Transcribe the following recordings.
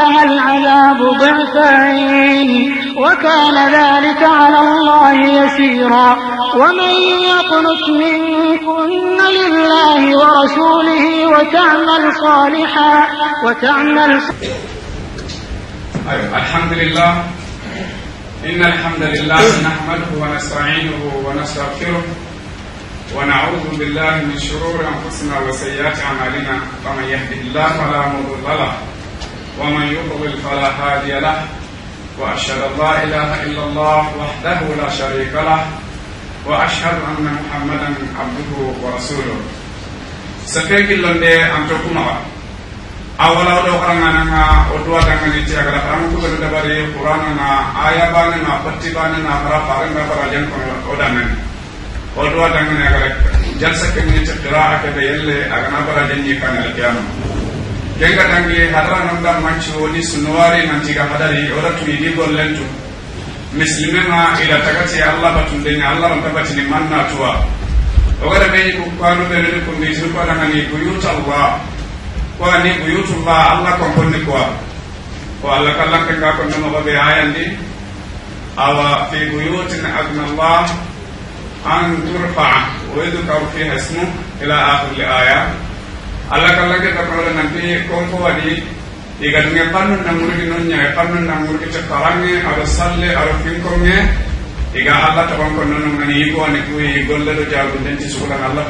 العذاب ضعفين وكان ذلك على الله يسيرا ومن يقنت منكن لله ورسوله وتعمل صالحا وتعمل صالحا طيب، الحمد لله إن الحمد لله نحمده ونستعينه ونستغفره ونعوذ بالله من شرور أنفسنا وسيئات أعمالنا فمن يهده الله فلا مضل له ومن يضلل فلا هادي له وأشهد أن لا الله وحده لا شريك له محمدا عبده ورسوله سكيك تكون ke ni tiaga ka da denga tangi harra nanda manchu ni sunuwari nantiga hadari oratu ini gollentu misilimena ila tagati allah batun deni allah ranta batini manna tuwa ogara beyi kukwanu beneni kumbitini kwanangani buyuta allah kwani buyutullah allah komponni kuwa ko allah kallanke nga konnomogoɓe ayandi awa fi buyutin adna allah an turfa wa yudkaru fiha ismu ila akhiri l aya Allah kala kita nanti kompo wadi iga dunge panun namun ki nunya namun namun ki takarange ala salle ala pingkongnya iga Allah taban ko nonu ngani ibo ani ku i dengan jaabu sukulan alla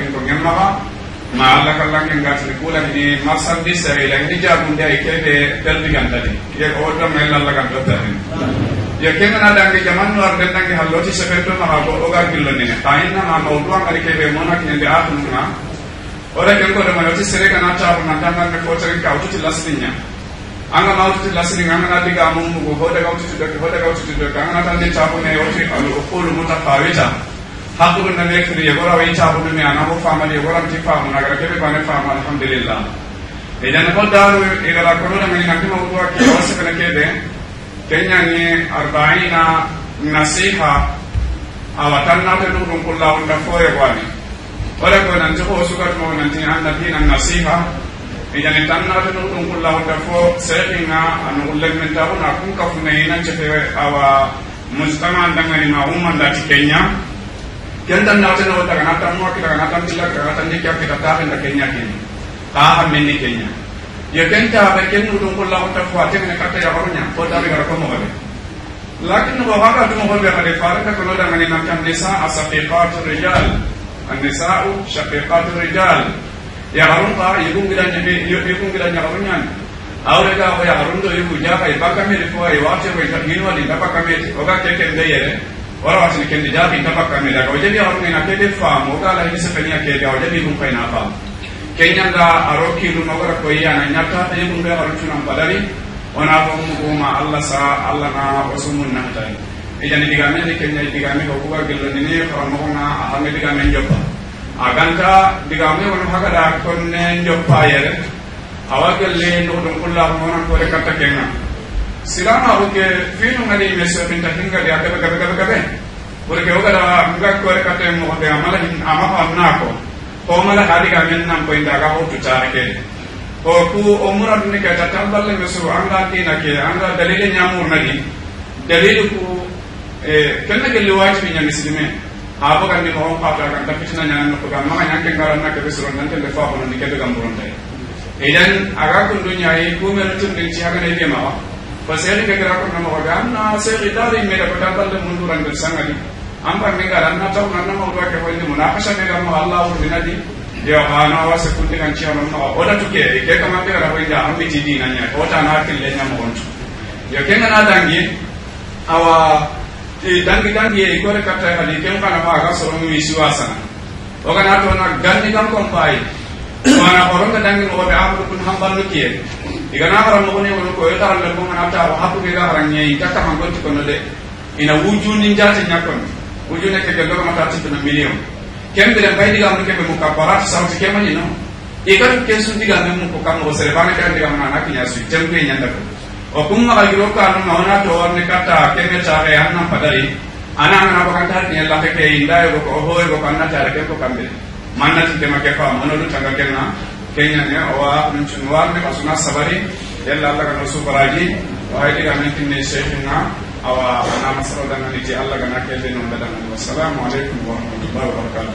ma Allah kala yang gak ni ini ni masal di dia ini ni jaabu ndai be telbi ganta di ye ko to mel alla ganta ta ni ke na da ke jaman no arden nange hallo ti sepeto oga killo ni ta inna ma ari ke be ore ke ngode ma yoti sere kana ta na tanga me ko tere ka uti lasinya anga ma uti lasinya anga na diga mu mu hoda ka uti doke hoda ka uti doke anga na tande ta ko ne yoti alu ukulu mutafawita hakku na ne kri yagora wai ta ko me ana ko fama ne yagora ti fama na gara ke ba ne fama alhamdulillah idan ko daru na ni nasiha foye wala ko nan ko sukat mo nan anda bi nan nasiha e jani tan na to dum kullu fo seringa an ulle men ta na kun ka fu awa mujtama dangani ma umma da kenya tan na to na wata kana tan mo kita kana tan tan kita ta da kenya ken ka ha men ni kenya ya ken ta ba ken dum kullu wata fo aten ka ta ya barunya ko ta bi ko mo ga لكن وهذا دمه بغير Anisau shaqiqatu rijal yagarun ka yigungira nyebe yigungira nyagarunyan Aure ka ko harun do yugu jaka ibaka mi rifo ay wate ko itakino ni kapa kamete oga keke ndeyere wala wati ni kendi jabi kapa kamete ka ojebi yagarun ina kede famo oga la hisi penia ya kede ojebi bun kai na famo kenya nga aroki lu magara ko yana nyata yigungira harun tunan badari wana ko mu kuma Allah sa Allah na wasumun nahtani iya ijani digame ni kenya digame hokuga gilani ni karamohona ahame digame njoppa aganta digame wonu hagada konne njoppa yere awa gelle ndodon kulla mona kore katta kenga silama oke finu ke meso minta hinga dia kabe kabe kabe kabe burke ogada nga kore katta mo de amala hin ama amna ko ko mala hadi ga men nam pointa ga hotu tare ke ko ku omura dunne ka tatambal meso anga tinake anga dalile nyamu ngadi dalilu ku kenna gelli waji fi ñami Apa kan bogandi moxon paatla kan ta fitina ñananno kerja maxa ñanke ngaranna keɓe soronnante nde faaxonandi keɓe gam burontaye idan aga kundu ñayi kumenu tumɗen ci hagana ke maxa fa seexi ke gara konna moxoga anna seexi daari meda kota balde mundurangel sangadi an ɓange ngara anna tawna anna mawduwa ke hoyndi muna xasamega maxa allah wurdinadi yo xaano awa sekunde kan ciyanon maxa o tu ke ke kamande gara hoyndi a ambiti dina ña otana kille ñamoxontu yo ke ngana dangi awa dangi dangi ye ikore katta hadi ken kana ma ga soro mi siwasa o kana to na gandi kam kon pai wana horonga dangi no be amru kun hambal no kiye igana haram no ne wono ko yata halle ko na ta ha hapu be ga haran nyi kata man gonti kono de ina wuju ni jati nyakon wuju ne ke ga gama ta ti na million ken be di ga mo ke be mo ka para sa ti ke ni no e kan ken sun diga mo ko kam sere kan ga mo na ki ya su nyanda ko وكم غيرك أن هنا تورن كتا كم يشاري أن فدري أنا أنا بكن تاري الله كي إلا يبقى هو يبقى أن تاري كي بكم بل ما نسيت ما كفا ما نلو تانغ كنا كينيا نه أو نشون وار نه بسنا سباري يلا الله كنا سوبراجي وهاي كي كنا تيني شيخنا أو أنا مسألة دنا نيجي الله كنا كيلين ونبدأ والسلام عليكم ورحمة الله وبركاته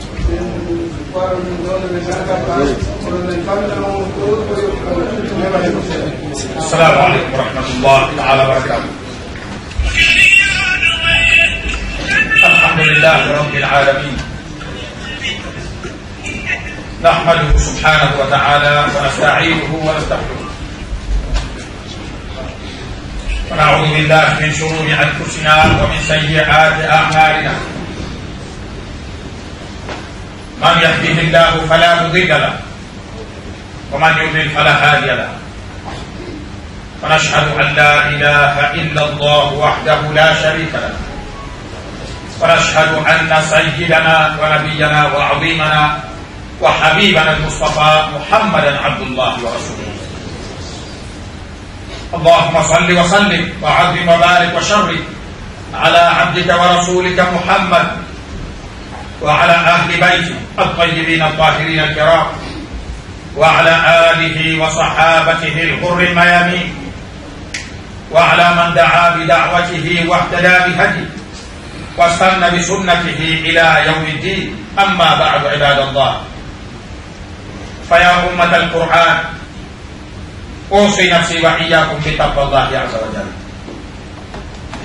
السلام عليكم ورحمة الله تعالى وبركاته الحمد لله رب العالمين نحمده سبحانه وتعالى ونستعينه ونستغفره ونعوذ بالله من شرور انفسنا ومن سيئات اعمالنا من يهده الله فلا مضل له ومن يضلل فلا هادي له ونشهد ان لا اله الا الله وحده لا شريك له ونشهد ان سيدنا ونبينا وعظيمنا وحبيبنا المصطفى محمدا عبد الله ورسوله اللهم صل وسلم وعظم وبارك وشرك على عبدك ورسولك محمد وعلى أهل بيته الطيبين الطاهرين الكرام وعلى آله وصحابته الغر الميامين وعلى من دعا بدعوته واهتدى بهديه واستنى بسنته إلى يوم الدين أما بعد عباد الله فيا أمة القرآن أوصي نفسي وإياكم بتقوى الله عز وجل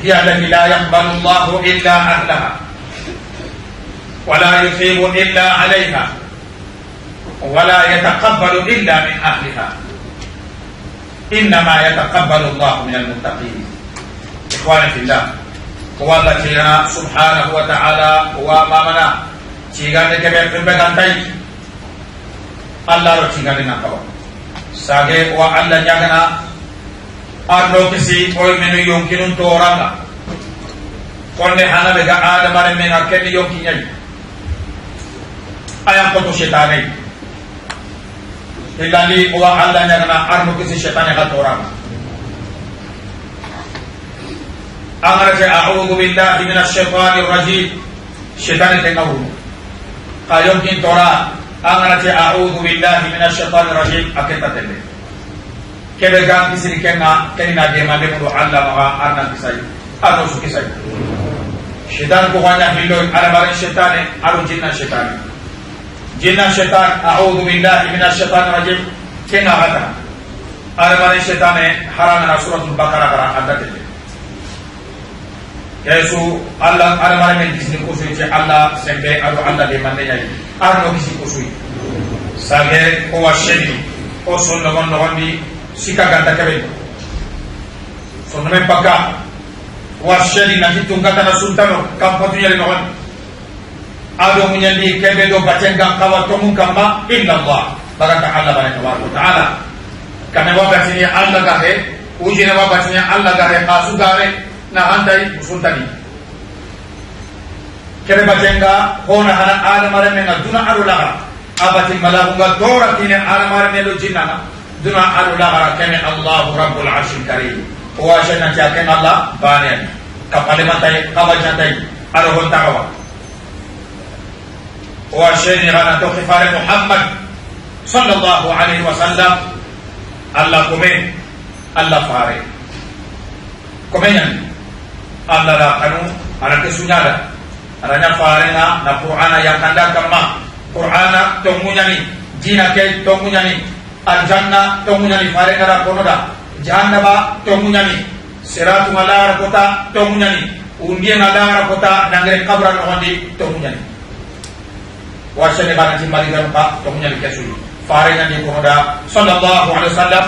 هي التي لا يقبل الله إلا أهلها ولا يثيب إلا عليها ولا يتقبل إلا من أهلها إنما يتقبل الله من المتقين إخواني في الله هو الذي سبحانه وتعالى هو امامنا تيغان كبير في بغانتاي الله رو تيغان نقوى ساقه وعلا جاغنا أرلو كسي قول من يمكن تورا قلنا حانا بغا آدم من أكل يمكن يجب ayam koto syetanai Ilani uwa andanya kena armu kisi syetanai kat orang Angara je a'udhu billahi minas syetanir rajim Syetanai tengah hulu Kayon kin tora Angara je a'udhu billahi minas syetanir rajim Akita tele Kebe gam kisi ni kenga Keni na dema lemudu anda maha arna kisai Arna suki saya. Syetan kuhanya hiloy Arabari syetane Arun jinna syetane جنہ شیطان اعوذ باللہ من الشیطان الرجیم کنا غتا اربانی شیطان حرام نہ سورۃ البقرہ کرا ادا دے کیسو اللہ اربانی میں جس نے کوسے چ اللہ سنگے ادو اللہ دے مننے جائے ارن کسی کوسے سنگے او اشدی او سن لگن لگن دی سیکا گتا کرے ado menyandi kebe do batenga kawa tomu kamba inna allah baraka allah baraka wa taala kana wa batini allah gahe uji ujina wa batini allah gahe kasu gahe na handai musultani kebe batenga hona hana adamare menga duna arulaga abati malahunga dora tine adamare melu jinnana duna arulaga kene allah rabbul Arshin karim wa shanna ta allah bane kapale matai kawajantai aro hon tagawa Uwasheni gana toki fare Muhammad Sallallahu alaihi wasallam Allah kume Allah fare Kume nyan Allah la kanu Ara kesunyara Aranya fare na Na Qur'ana ya kanda kama Qur'ana tongu nyani Jina ke tongu nyani Arjanna tongu nyani fare nara konoda Jahannaba tongu nyani Siratu malara kota tongu nyani Undiang adara kota Nangre kabran nohondi tongu nyani Tongu wa sene bana ti mari garu ka to munya ke suyi fare na di ko da sallallahu alaihi wasallam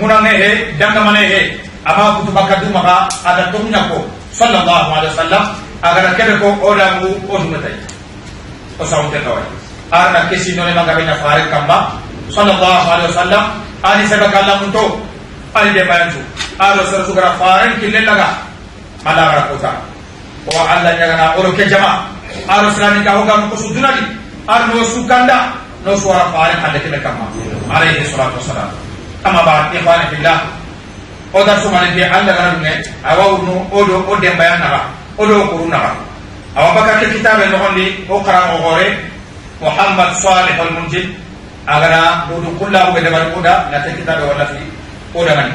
munange he danga mane he ama kutu bakka du maka ada to munya ko sallallahu alaihi wasallam agara kebe ko oda mu o dumatai o saunte kawai arna kesi none maka bina fare kamba sallallahu alaihi wasallam ani sabaka lamunto ali de bayantu aro sar sugara faren kille laga ala gara kota o oh, alla o oro ke jama aro silami ka hoga ko sudunani ar no sukanda no suara faare hande kebe kamma alayhi salatu wassalam amma ba ikhwana fillah o dar sumane be anda gara dum ne awa uno odo o demba ya naga odo ko runaga awa baka ke kitabe no hondi o qara o gore muhammad salih al munjid agara odo kullahu be dabar oda na te kitabe wala fi oda ngani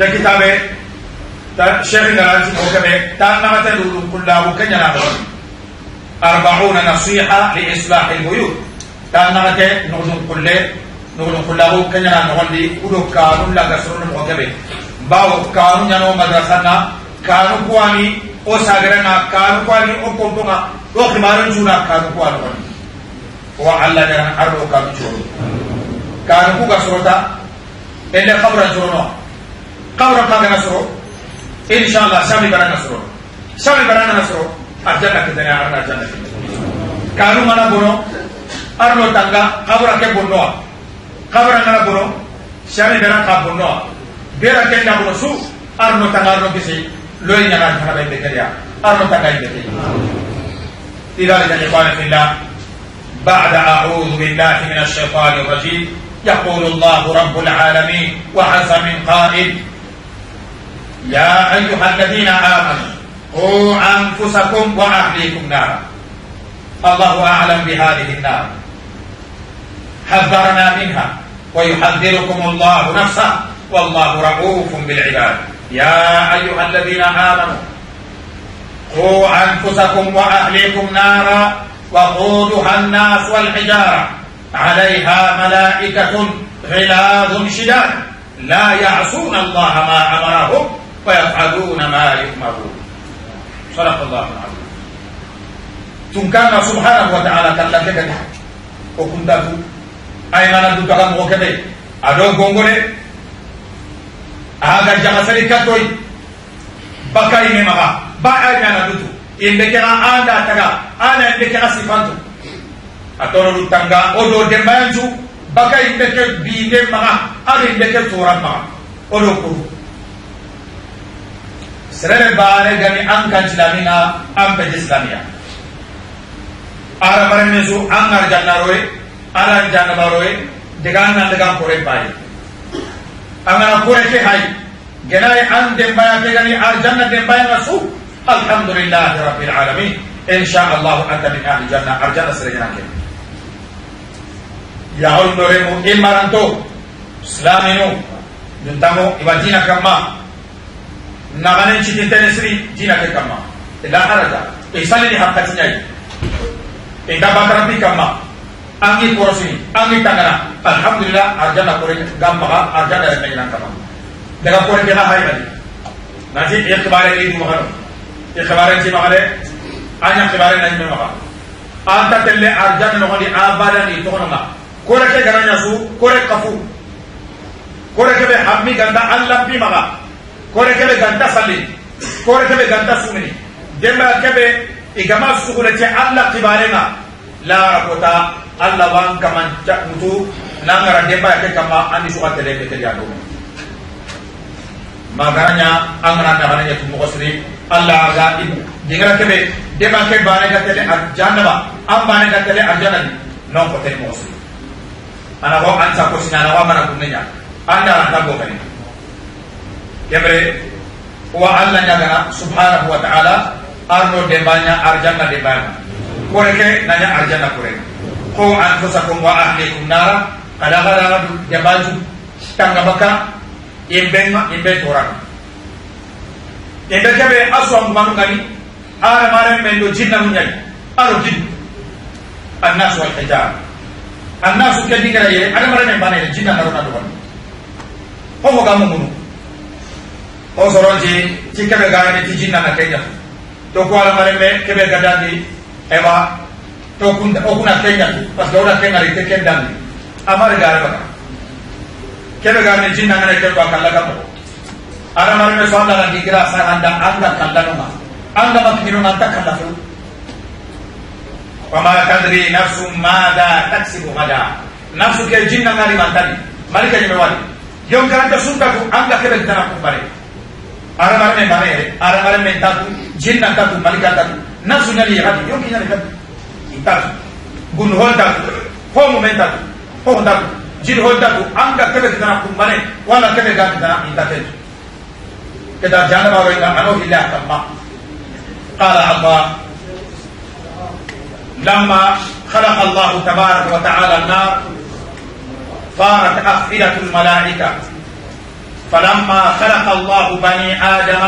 te kitabe ta sheikh ngaranti o kebe ta na ta odo kullahu kenya na do أربعون نصيحة لإصلاح البيوت كان تانغتي كل كله كل أبو كننا نغلي كدو كانون لا غسرون مغتبه باو كانون ينو مدرسنا كانون كواني أو ساغرنا كانون كواني أو كنتونا أو خمارن جونا كانون كوانون وعلا نران أربو كانون جورو كانون كو غسروتا إلا خبرا جونا خبرا ما غسرو إن شاء الله سامي برا نسرو سامي برا نسرو arjanna kitane arna arjanna kanu mana bono arno tanga kabura ke bonnoa kabura ngana bono shari dana ka bonnoa bera ke na bono su arno tanga arno kisi loy nyana thana be keria arno tanga be ila ila ikhwana fillah بعد أعوذ بالله من الشيطان الرجيم يقول الله رب العالمين وعز من قائل يا أيها الذين آمنوا قوا أنفسكم وأهليكم نارا الله أعلم بهذه النار حذرنا منها ويحذركم الله نفسه والله رؤوف بالعباد يا أيها الذين آمنوا قوا أنفسكم وأهليكم نارا وقودها الناس والحجارة عليها ملائكة غلاظ شداد لا يعصون الله ما أمرهم ويفعلون ما يؤمرون Barakallahu alaihi. Tunkana subhanahu wa ta'ala kalla ke kata. O kunta tu ay ngana du taga mo kebe. Ado gongore. Aga jaga sari katoi. Bakai ne maga. Ba ay ngana du tu. Imbe kera anda taga. Ana imbe kera sifantu. Atoro du tanga odo dembanju. Bakai imbe ke bi ne maga. Ari imbe ke turan maga. Odo kuru. sere baare gani an kan silamina an pe islamiya ara bare mesu an ar janna roye ara janna baroye diga nan diga kore baye amana kore ke hay genai an dembaya be gani ar janna dembaya masu alhamdulillah rabbil alami. Insya allah anta min ahli janna ar janna sere gana ke ya hol dore mu imaranto islaminu juntamu ibadina kamma naganen citin tene siri dina ke kamma la haraja e sali ni hakka nyai e da batara bi kamma angi angi alhamdulillah arjana kore gamma arjana ya nyina kama. daga kore ke na hayani naji ikhbare ni muharo ikhbare ci magale anya ikhbare na ni magale anta telle arjana no ni abada ni to ma kore ke garanya su kore kafu kore ke be hammi ganda allah bi maga kore kebe ganta sali kore kebe ganta suni demba kebe igama sugune ce alla na la kota alla wan kaman mutu ngara demba ke kama ani suka tele ke tele adu maganya angana na hanya tumo alla aga ibu dingara kebe demba ke bare ga tele arjana ba am bare ga tele arjana ni non ko tele ana ko an ko sinana wa mana kunenya anda ranta go yamre wa alla ñagana subhanahu wa taala arno dembanya arjana dembana koreke nanya arjana korena ko anfusakum wa ahlikum nara kada gara dembaju tanga baka imbenga imbe torana imbe kebe aswa manu ngani ara mare mendo jinna munyali aro jin annas wal hijar annas kedi gara ye ara mare men bana jinna narona dogon ko mo gamu o soronti ti kebe garani ti jinnana keña to ku alamareme keɓe gadandi ewa to o kenya Pas parce que wona teken te ken dandi amari kebe keɓe garani jinnangana kenko a kalla ka mogo alamareme so andana ndikira sa anda anda ma anda makkinino nanta kalla wa ma tadri nafsu mada taksibu gada nafsu ke jinnangani mantani mari keñime wadi yonkaranta suntaku anda keɓe gitana kumbare arama me bana yɛrɛ arama me ta tu jinna ta tu malika ta tu nafsu ɲali yagati yɔrɔ kiɲa de ka tu i ta tu gun hɔn ta tu hɔn mɛ ta tu hɔn ta tu jin hɔn ta tu an ka kɛbɛ kitana kun bana wala kɛbɛ ka kitana i ta tɛ tu kɛ taa jana ba wɛrɛ kan an'o hili a ka ma qala allah lamma خلق الله تبارك وتعالى النار صارت أفئدة الملائكة فلما خلق الله بني آدم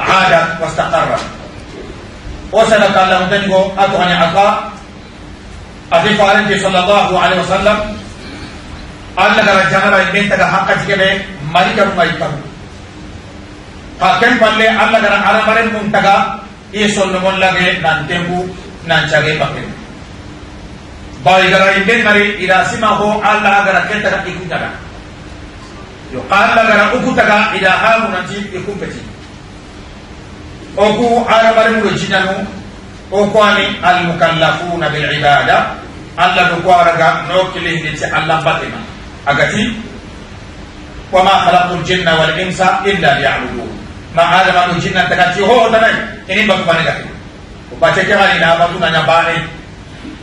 عاد واستقر وسلك الله تنجو أتغني عطاء أضيف عليه صلى الله عليه وسلم قال لك رجعنا قال حقا جيبه ملك ميتم فكن بلي الله قال على مرن منتقى يسول ملغي نانتبو نانشاقي بقين باي قال البنت مري إذا سمعه الله قال كنتك إكتنا yuqal lagana ukutaga ila hamunati ikumpeti oku arabaremuro jinanu okwani almukallafuna bilibada allah do kwaraga nokilinditi allah batima agati wama khalaqtu ljinna walinsa illa liyabudun ma adamanu jinna tagati hohotanai ini bakubanegati obate ke xani nabatuna ñabane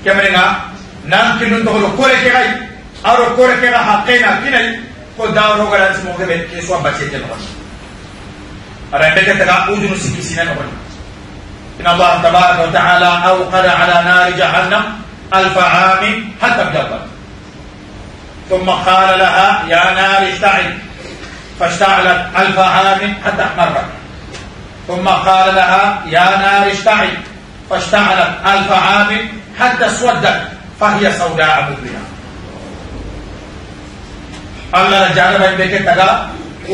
kemenenga nan kinun toxolo kore ke xay aro kore ke xa xaqena kinai قدام رو قرار اسمو كبير كيسوا بچيتن أنا ربك تقع أذن سكسين وقت إن الله تبارك وتعالى أوقد على نار جهنم ألف عام حتى ابتدت ثم قال لها يا نار اشتعل فاشتعلت ألف عام حتى احمرت ثم قال لها يا نار اشتعل فاشتعلت ألف عام حتى اسودت فهي سوداء مظلمة ಅಲ್ಲರ ಜಾಗದಲ್ಲಿದ್ದಕ್ಕೆ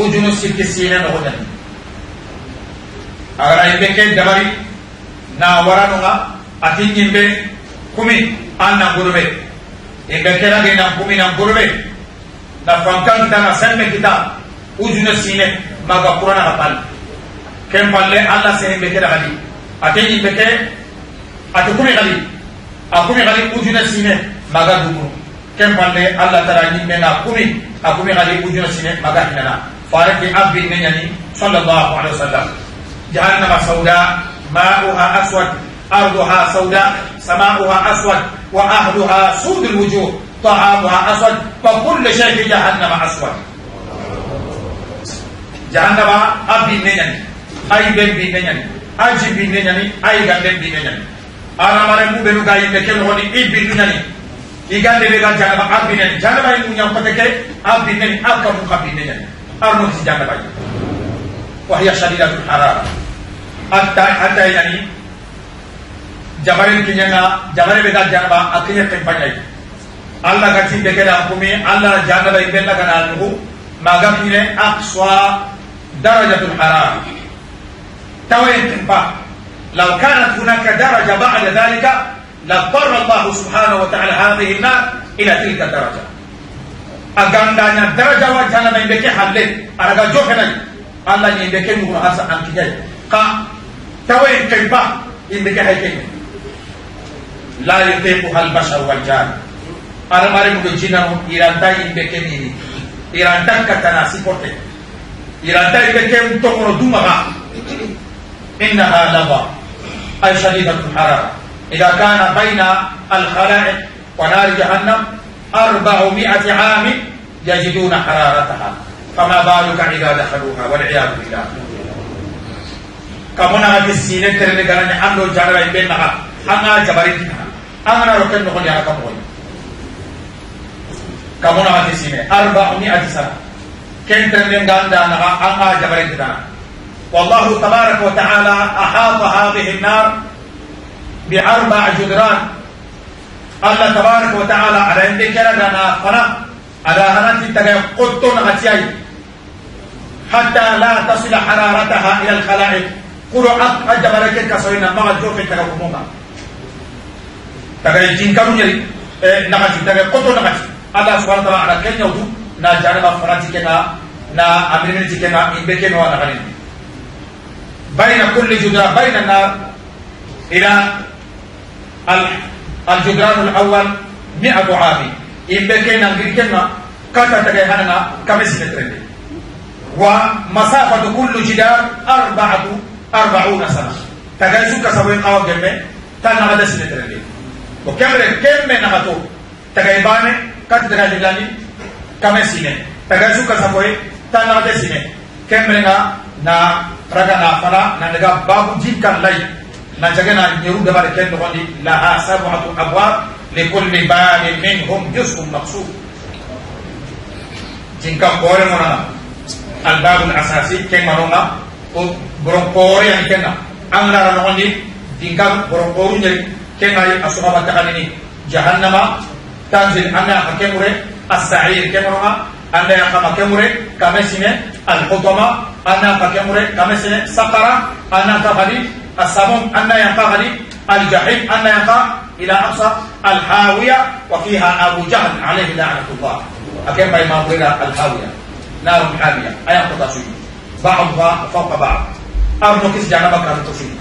ಊಜುನು ಸಿಕ್ಕಿ ಸೀನೆನ ಹೋದನು ಅವರ ಇದ್ದಕ್ಕೆ ಡಬರಿ ನಾ ಅವರನು ಅತಿಂಗಿಂಬೆ ಕುಮಿ ಅನ್ನ ಗುರುವೆ ಇಂಬೆ ಕೆಳಗೆ ನಾ ಕುಮಿ ನಾ ಗುರುವೆ ನಾ ಫಂಕಿತ ನಾ ಸಣ್ಣ ಕಿತ ಊಜುನ ಸೀನೆ ಮಗ ಪುರಾಣ ಹತ್ತಲ್ಲ ಕೆಂಪಲ್ಲೆ ಅಲ್ಲ ಸೇನೆ ಬೆಕ್ಕೆಡಗಲಿ ಅತಿಂಗಿ ಬೆಕ್ಕೆ ಅದು ಕುಮಿ ಗಲಿ ಆ ಕುಮಿ ಗಲಿ ಊಜಿನ ಸೀನೆ ಮಗ ದುಗುರು ken palle allah tara ñimme na kumi a kumi xadi ujuna sine maga hinana farati abbi ne ñani sallallahu alaihi wasallam jahannama sauda ma'uha aswad arduha sauda sama'uha aswad wa ahluha sud alwujuh طعامها أسود فكل شيء في جهنم أسود جهنم أبي نيني أي بن بي نيني أجي بي نيني أي غن بي نيني أنا مرمو بنو غاي لكن هوني إبي نيني igande ɓe gan abinnya jangan janaba punya mum ñampate ke ini apa muka abinnya arnu si janaba yi wahiya ada harara hatta hatta yani jabaren kinyanga jabare jangan ga akhirnya tempatnya tempanyai Allah kasih tin beke da Allah janaba ibe la kana nugu maga kine aqsa darajatul tahu yang tempat lakukan kanat hunaka daraja ba'da dalika لاضطر الله سبحانه وتعالى هذه النار الى تلك الدرجه. أغاندانيا الدرجه وجهنا من بكي حلل أرغا جوخنا الله من بكي نور حسا عن كجاي قا توين كيبا من بكي لا يطيقها البشر والجان أرماري مدو جينا هم إيران تاي من بكي ميني إيران تاي كتنا سيبوتي إيران تاي بكي متقر دومها إنها لغا أي شديدة الحراره. إذا كان بين الخلائق ونار جهنم أربعمائة عام يجدون حرارتها فما بالك إذا دخلوها والعياذ بالله كمنا في السينة ترني قرن حمل الجارة يبين نها حنا جبريت أنا ركن نقول يا كم هوي كمنا هذه السينة أربعمائة سنة كن ترني قرن نها أنا جبريت والله تبارك وتعالى أحاط هذه النار بأربع جدران الله تبارك وتعالى على عندك كردنا فنا على هنا تتجه قطن أتياي حتى لا تصل حرارتها إلى الخلائق اب قرعة بركه كسوينا ما جوف تجاكموما جين جنكم يري إيه، نعاتي تجاه قطن نعاتي الله سبحانه وتعالى على كل يودو نا جانب فراتي كنا نا أمرين تيكنا إمبكنا ونغنين بين كل جدران بين النار إلى الجدران الأول 100 بعابي ان بكينا غير كنا كاتا تجاهنا كم سنترين ومسافة كل جدار أربعة أربعون سنة تجاهزو كسوين أو جنبه تانا غدا سنترين وكم كم من غتو تجاهبانه كاتا تجاهلاني كم سنة تجاهزو كسوين تانا غدا سنة كم منا نا رجعنا فنا نلقى بابو جيل كان لين مسكن يرد بعد كان غني لها سبعة أبواب لكل باب منهم جزء مقصود جنكا قوري منا الباب الأساسي كما نونا برون قوري أن يعني كنا أن لا نغني جنكا برون قوري كما أصحاب تغنيني جهنم تنزل أن حكمره السعير كما نونا أن يقام كمره كمسنة الحطمة أن يقام كمره كمسنة سقرة أن السموم أن ينقى غريب الجحيم أن ينقى إلى أقصى الحاوية وفيها أبو جهل عليه لعنة الله أكيد ما يمر الحاوية نار حامية أيام شيء بعضها فوق بعض أرنو كيس جهنم كان تشين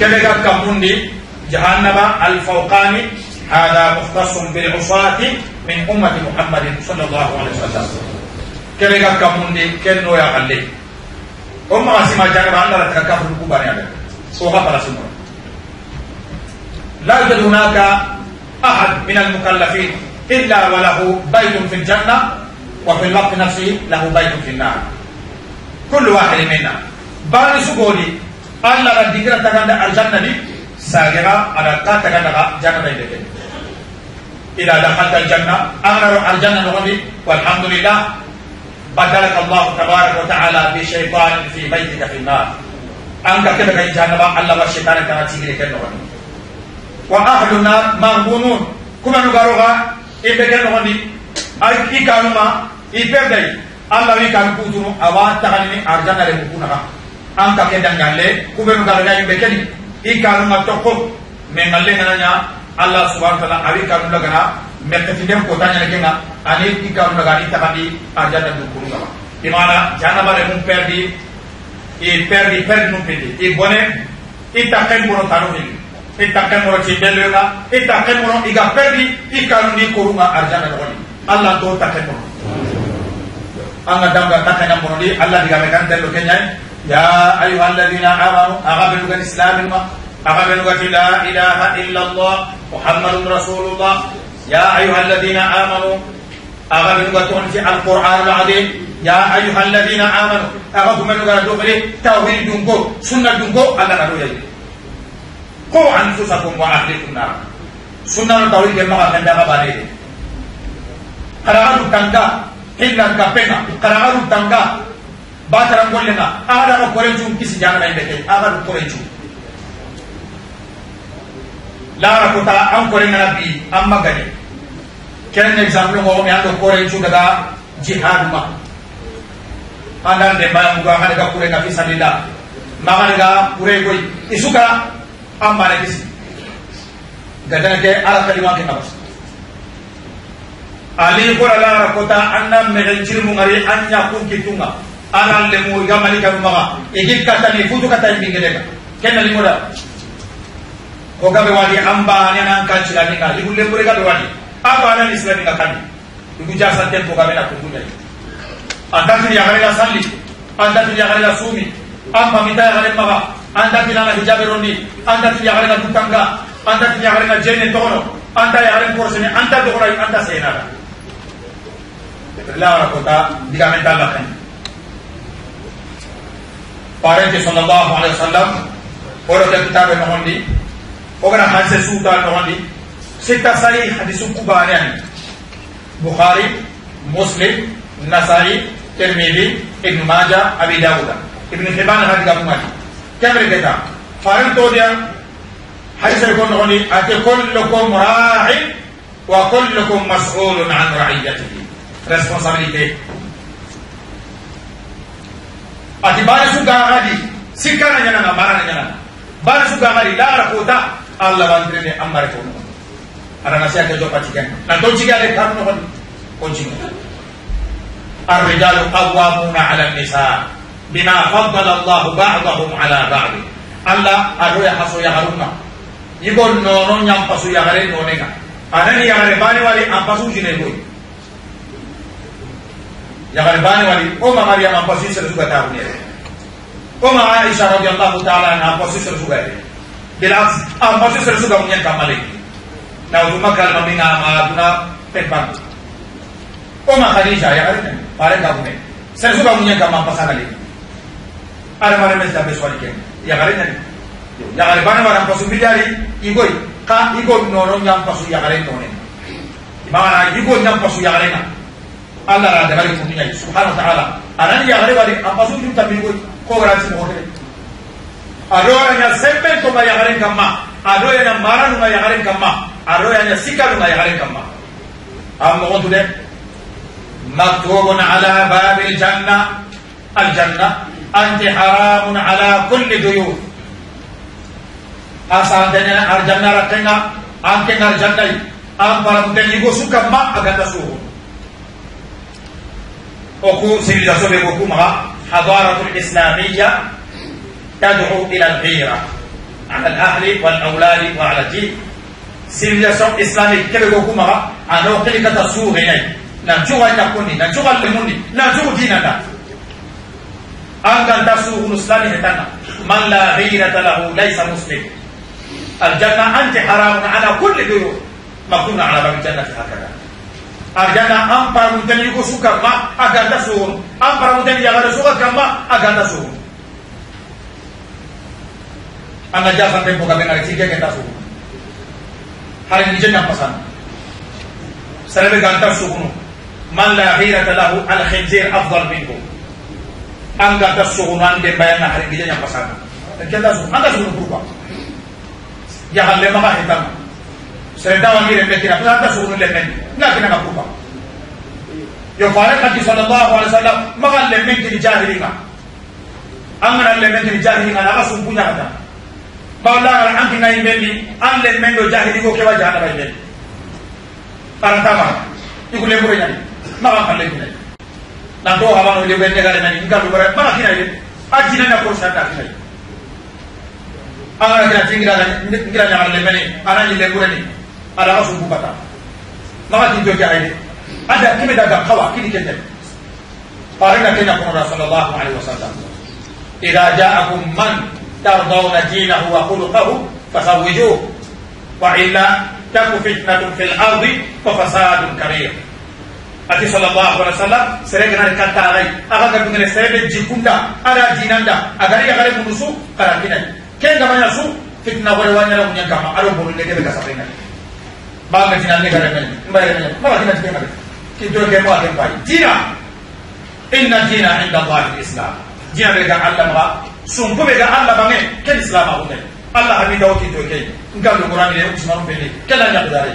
كذا كموندي جهنم الفوقاني هذا مختص بالعصاة من أمة محمد صلى الله عليه وسلم كيف كذا كموندي كنو يا خلي أم عاصمة جهنم أنا رتكا كفر كوباني سوها باراسيمول لا يوجد هناك أحد من المكلفين إلا وله بيت في الجنة وفي الوقت نفسه له بيت في النار كل واحد منا بان سقولي الله ذكر تغنى الجنة دي ساغرا على تا تغنى جنة دي إذا دخلت الجنة روح الجنة نغني والحمد لله بدلك الله تبارك وتعالى بشيطان في بيتك في النار أنك كبك جهنم الله والشيطان كان تيجي لك النغني وأهل النار مغبونون كما نغاروها إبك النغني أي كانوا إبدأي الله يكان كوتون أوان تغني أرجانا لمكونها أنك كدن يالي كما نغاروها إبكني إي كانوا تقو من الله نانيا الله سبحانه وتعالى أبي كانوا لغنا مكتفين كوتانيا لكنا أني إي كانوا لغاني تغني أرجانا لمكونها بمعنى جهنم لمكونها e perdi perdi nu pede e bone e ta ken bono tanu ni e ta ken bono ti delu na e ta ken bono i ga perdi i kanu ni ko runga arjana no ni alla to ta ken bono anga danga ta ken bono di alla diga me kan delu kenya ya ayuha alladhina amanu agabilu kan islamin ma agabilu kan la ilaha illa allah muhammadur rasulullah ya ayuha alladhina amanu agabilu kan al qur'an al azim ya ayuha alladina amanu aga dumenu gara do bele tawhid dungo sunna dungo aga na do yayi ko an su sa ko wa ahlikum na sunna no tawhid ke ma ganda ga bare qara'u tanga illa ka pena qara'u tanga batara ngolena ada ko korenju kisi jana na indeke aga do korenju lara ko ta an korena nabi amma gani kenen example ko me an do korenju daga jihad ma andan de bam ga ngade ga kure ga fisadida magade ga kure goy isuka ambare kisi gadana ke ala kalima ke eh, tabas ali ko ala rakota anna megen jirmu ngari anya kun kitunga ala le mu ga malika maga kata ni futu kata bingedega kenna limoda o gabe wadi amba ni anan kanchila ni ka ibulle kure gabe wadi aba anan islami ka ibu jasa tempo gabe na أنت يا غريلا صلي أنت يا غريلا صومي أما متى يا غريلا مغا أنت يا غريلا حجاب روني أنت يا غريلا دكانغا أنت يا غريلا جين تونو أنت يا غريلا كورسني أنت دوراي أنت سينا لا ركوتا دكان تالا كان فارج صلى الله عليه وسلم ورد الكتاب نهندي وغنا حديث سوتا نهندي ستة صحيح حديث كبارين بخاري مسلم نسائي Tirmidhi, Ibn Majah, Abi Dawud, Ibn Hibban hadi ga kuma kya mere daga faran to dia hay sai kon ngoni ate kullukum ra'i wa kullukum mas'ulun an ra'iyatihi responsabilité ati bare su ga hadi sikana nyana na mara nyana bare su ga dara ko ta Allah wantre ne amare ko ara nasiya ke jopati ken na Ar-rijalu qawwamuna 'ala nisa bima faddala Allahu ba'dahum 'ala ba'd. Allah aro ya haso ya harunna. Ibo nono nyam pasu ya gare none ka. bani wali ampasu jine boy. Ya gare bani wali o ma Maryam ampasu sel suka ta ne. Aisyah radhiyallahu ta'ala na ampasu sel suka ne. Bilaf ampasu sel suka munyen kamale. Na uzuma kalma minga ma Oma ma ya karte pare ka bune sirf ka bune ka ma ar mare me sabes wali ke ya kare na ya kare pasu bidari igoi. ka i go no no ya pasu ya kare tone i ma na pasu ya garena. na ra de bari kunni subhanahu taala Arani ya kare bari pasu tu tabi goi ko gra si mohte aro ya sempre to ma ya kare kama. ma aro ya na ya garen kama. ma na ya garen kama. am de مكتوب على باب الجنة الجنة أنت حرام على كل ديون أصلاً دنيا الجنة رتنا أنت الجنة أم دنيا سوكا ما أغدا أغتسوه أكو جسوبي بكم حضارة الإسلامية تدعو إلى الغيرة على الأهل والأولاد وعلى الدين جسوبي إسلامي كيف أنا أقول لك سوغي nan cuga ñakkundi kundi na juga nan cugu dinanda an ganta suhunu silami hetanna man la ghayrata lahu laysa muslim aljanna anti haramun ala kulli duru makduna ala babi jannati hakada arjana an paramutani yugo suka ma a ganta suhunu an paramutani yagare suka kamma a ganta suhunu an tempo kami boga benare kita gegeta suhunu hari ni jenna pasan sarebe ganta suhunu man la hirata lahu al khinzir afdal minhu anga ta sugunu ande bayana harigija nya pasana kenda su anga sugunu kurba ya halle mama hitama serta wangire mbekira kwa anga le lemen na kina kurba yo fare kati sallallahu alaihi wasallam maka lemen ti jahilina angana lemen ti jahilina na kasu punya hata bawla an kina imbeni an lemen do jahili ko kewa jahana ba imbeni parantama ikule kure nyani maga kalle kina nan to hawa no lebe ne gale nani nga do bare ba kina ye ajina na ko sa ta kina anga kina tingira na ngira na le mene ana ni le gure ni ala asu bu kata maga tin jo kaya ada kime daga kawa kini kende parena kenya ko sallallahu alaihi wasallam idza ja'akum man tardawna dinahu wa khuluquhu fasawwijuhu wa illa taku fitnatun fil ardi wa fasadun kabeer ati sallallahu alaihi wasallam sere gana ka tarai aga ga dungene sere jikunda ara jinanda agari ya gare munusu kara kinai ken ga manya su fitna gore wanya na munya kama aro bolu ne de sabena ba ga jinan ne gare ba gare men ba jinan ke gare ki do ke ba ke bai jina inna jina inda allah islam jina be ga allah ma sun ko be ga allah ba me ken islam ba ne allah habi dawo ki do ke ngam qur'ani ne usman be ne kala nya gare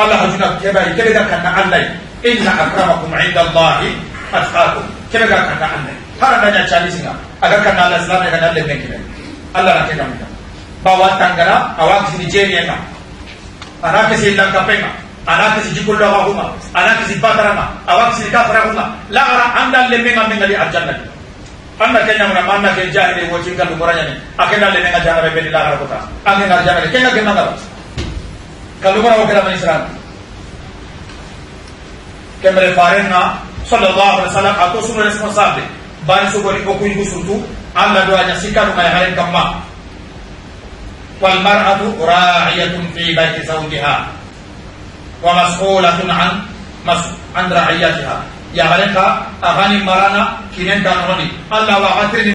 allah hajuna ke bai ke ga kanna allah inna akramakum Allahi atqakum kira gak kata anda har nanya cari cari singa agar kena Allah selama yang kana lebih kira Allah na kira bawa tanggara awak si ya kak Anak si Lanka pema anak si jikul doa huma anak si Batarama awak sini Kafra huma lahara anda anda lebe ngamengali aljanna anda kenya muna manna ke jahili wo cinga lu moranya ni akenda le nga jahara be la gara kota akenda jahara kenya ke mangala kalu mara wo كما رفارنا صلى الله عليه وسلم اتوسو responsable bari so gori okuy gusutu alla do aja sikanu kay hare kamma wal mar'atu ra'iyatun fi bayti zawjiha wa mas'ulatun an mas an ra'iyatiha ya hare ka agani marana kinen tanoni alla wa